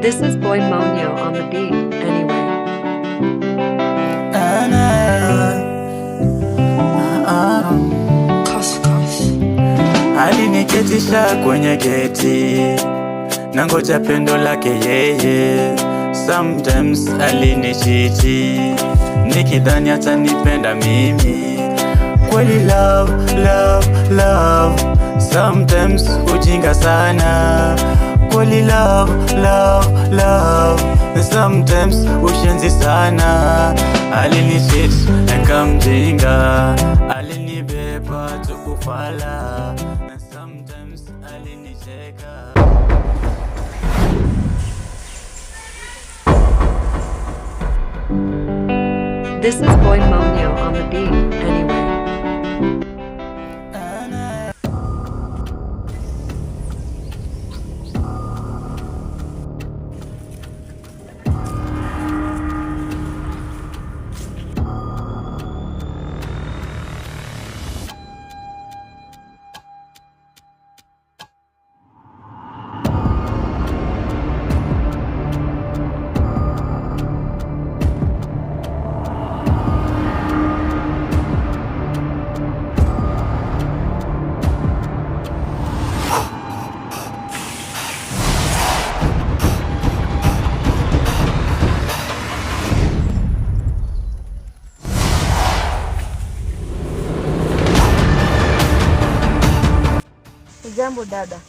This is Boy Monyo on the beat, anyway. Uh-uh. Aliniketisha kwenye geti Nangoja pendo lake yeye. Sometimes alinichiti nikidhani nipenda mimi, kweli love, love, love. Sometimes ujinga sana Only love, love, love Sometimes oceans ushenzi sana Alinishit nikamjinga to tukufala And sometimes alinicheka This is Boy Monyo on the beat, anyway. jambo dada,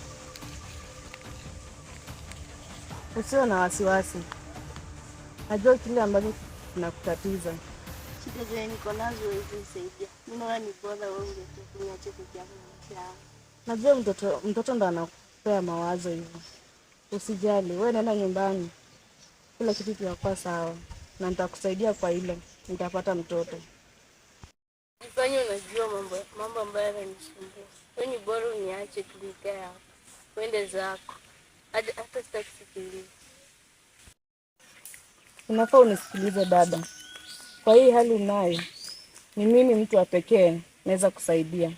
usio na wasiwasi, najua kile ambacho kinakutatiza. Shida zenye niko nazo nisaidia. Najua mtoto, mtoto ndo anakupea mawazo hivyo. Usijali, we naenda nyumbani, kila kitu kitakuwa sawa na nitakusaidia kwa ile nitapata mtoto. Jifanye unajua mambo ambayo yananisumbua. Wewe ni bora uniache tu nikae hapa. Wende zako. Hata sitaki kusikiliza. Unafaa unisikilize dada. Kwa hii hali unayo, ni mimi mtu wa pekee naweza kusaidia.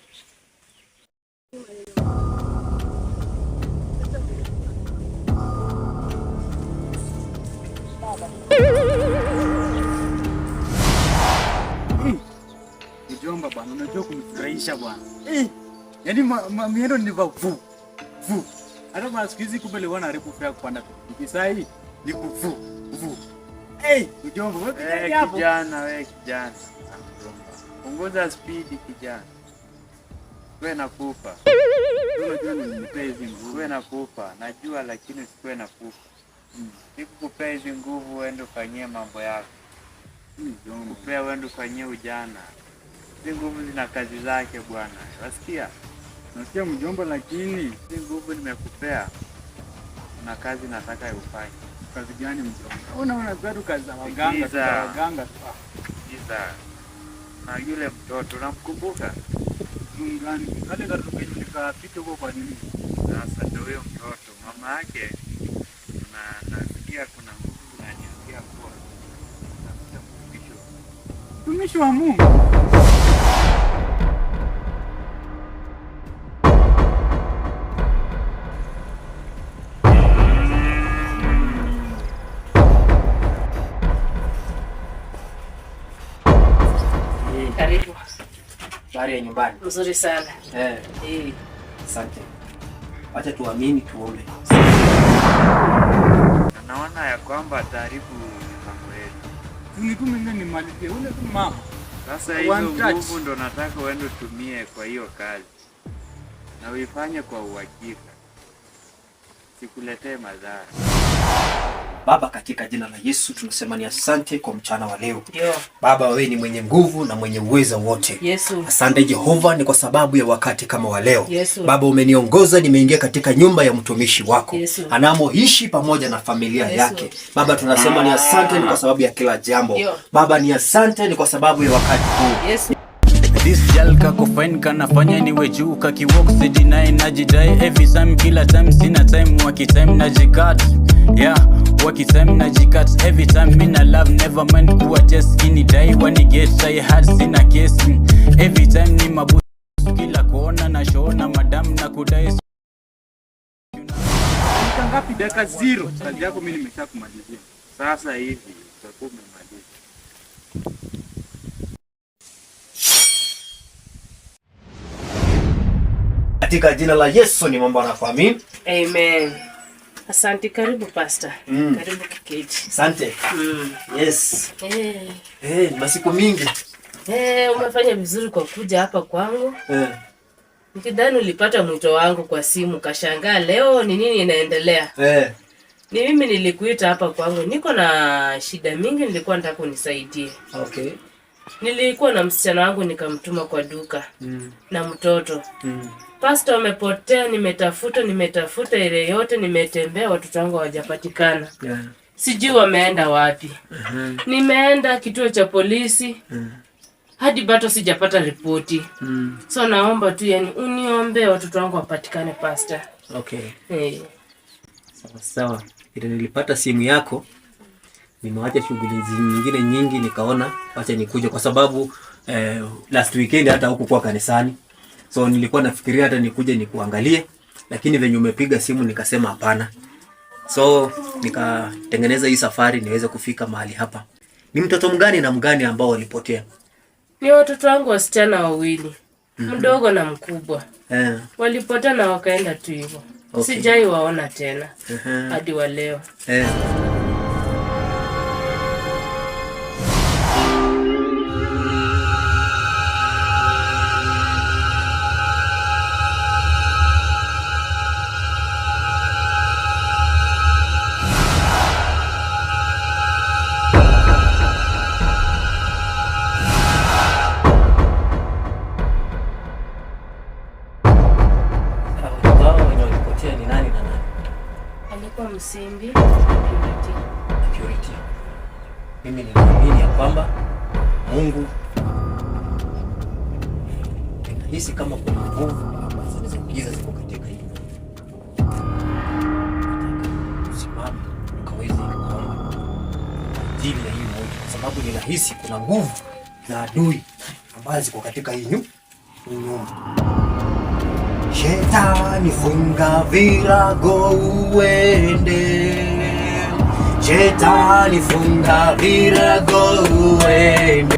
Mjomba bwana, unajua kumfurahisha bwana. Yaani miendo ni vavu. Vu. Hata kwa siku hizi kumbe leo anaharibu fea kupanda pikipiki. Sasa hii ni kuvu. Vu. Hey, ujombo wewe hey, eh, hapo. Kijana wewe kijana. Ah, Punguza spidi kijana. Wewe nakufa. Unajua Wewe nakufa. Najua lakini sikuwe nakufa. Mm. Nikukupea hizi nguvu uende ufanyie mambo yako. Hmm, Kupea uende ufanyie ujana. Hizi nguvu zina kazi zake bwana. Wasikia? Nasikia mjomba, lakini si nguvu nimekupea na kazi nataka ufanye. Kazi gani mjomba? Unaona zetu kazi za waganga za waganga tu. Na yule mtoto unamkumbuka? Mgani? Hadi ndo tukapita huko kwa nini? Sasa ndio huyo mtoto mama yake na nasikia kuna mtu ananiambia kuwa mtumishi wa Mungu. Karibu. Habari ya nyumbani? Mzuri sana. Eh. Eh. Asante. Wacha tuamini tuombe. Naona ya kwamba ataharibu mipango yetu. Mtu mwingine ni mali ya ule mama. Sasa hizo nguvu ndo nataka uende utumie kwa hiyo kazi na uifanye kwa uhakika, sikuletee madhara. Baba, katika jina la Yesu tunasema ni asante kwa mchana wa leo Baba, wewe ni mwenye nguvu na mwenye uwezo wote Yesu. Asante Jehova, ni kwa sababu ya wakati kama wa leo Yesu. Baba, umeniongoza nimeingia katika nyumba ya mtumishi wako anamoishi pamoja na familia Yesu. yake Baba, tunasema ni asante ni kwa sababu ya kila jambo Yo. Baba, ni asante ni kwa sababu ya wakati huu Yesu. This girl kako fine kanafanya niwe juu kakiwalk sijinae najidai every time kila time sina time wakitime najikat yeah wakitime najikat every time mina love never mind kuwa just kinidai waniget tai hard sina kesi every time ni mabusu kila kuona na shona madam na kudae ngapi? Dakika zero. Kazi yako mimi nimesha kumalizia sasa hivi, utakuwa umemaliza. katika jina la Yesu ni mambo kwami. Amen. Asante, karibu pastor. Mm. Karibu kiketi. Asante. Mm. Yes. Eh, hey. Eh, hey, masiku mingi. Eh, hey, umefanya vizuri kwa kuja hapa kwangu. Eh. Hey. Nikidhani ulipata mwito wangu kwa simu, kashangaa leo ni nini inaendelea? Eh. Hey. Ni mimi nilikuita hapa kwangu. Niko na shida mingi nilikuwa nataka unisaidie. Okay. Nilikuwa na msichana wangu nikamtuma kwa duka mm. na mtoto mm. Pastor, amepotea. Nimetafuta, nimetafuta ile yote, nimetembea, watoto wangu hawajapatikana yeah. Sijui wameenda wapi uh -huh. Nimeenda kituo cha polisi uh mm. -huh. Hadi bado sijapata ripoti mm. So naomba tu yani uniombe watoto wangu wapatikane Pastor. Okay. Hey. Eh. Sawa sawa, ile nilipata simu yako nimewacha shughuli nyingine nyingi, nikaona wacha nikuje kwa sababu eh, last weekend hata hukukuwa kanisani, so nilikuwa nafikiria hata nikuje nikuangalie, lakini venye umepiga simu nikasema hapana. So nikatengeneza hii safari niweze kufika mahali hapa. Ni mtoto mgani na mgani ambao walipotea? Ni watoto wangu wasichana wawili, mhm. mdogo mm -hmm. na mkubwa yeah. Walipotea na wakaenda tu hivyo okay. Sijai waona tena uh -huh. hadi wa leo yeah. Yuko Msimbi Purity. Purity. Mimi ninaamini ya kwamba Mungu hisi kama kuna nguvu ambazo za giza ziko katika hii. Usimame ukaweze kuomba ajili ya hii moja, kwa sababu ninahisi kuna nguvu za adui ambazo ziko katika hii nyumba. Shetani funga virago uende, Shetani funga virago uende,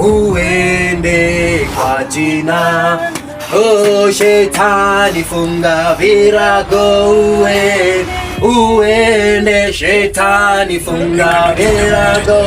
uende kwa jina. Oh, Shetani funga virago uende, uende Shetani funga virago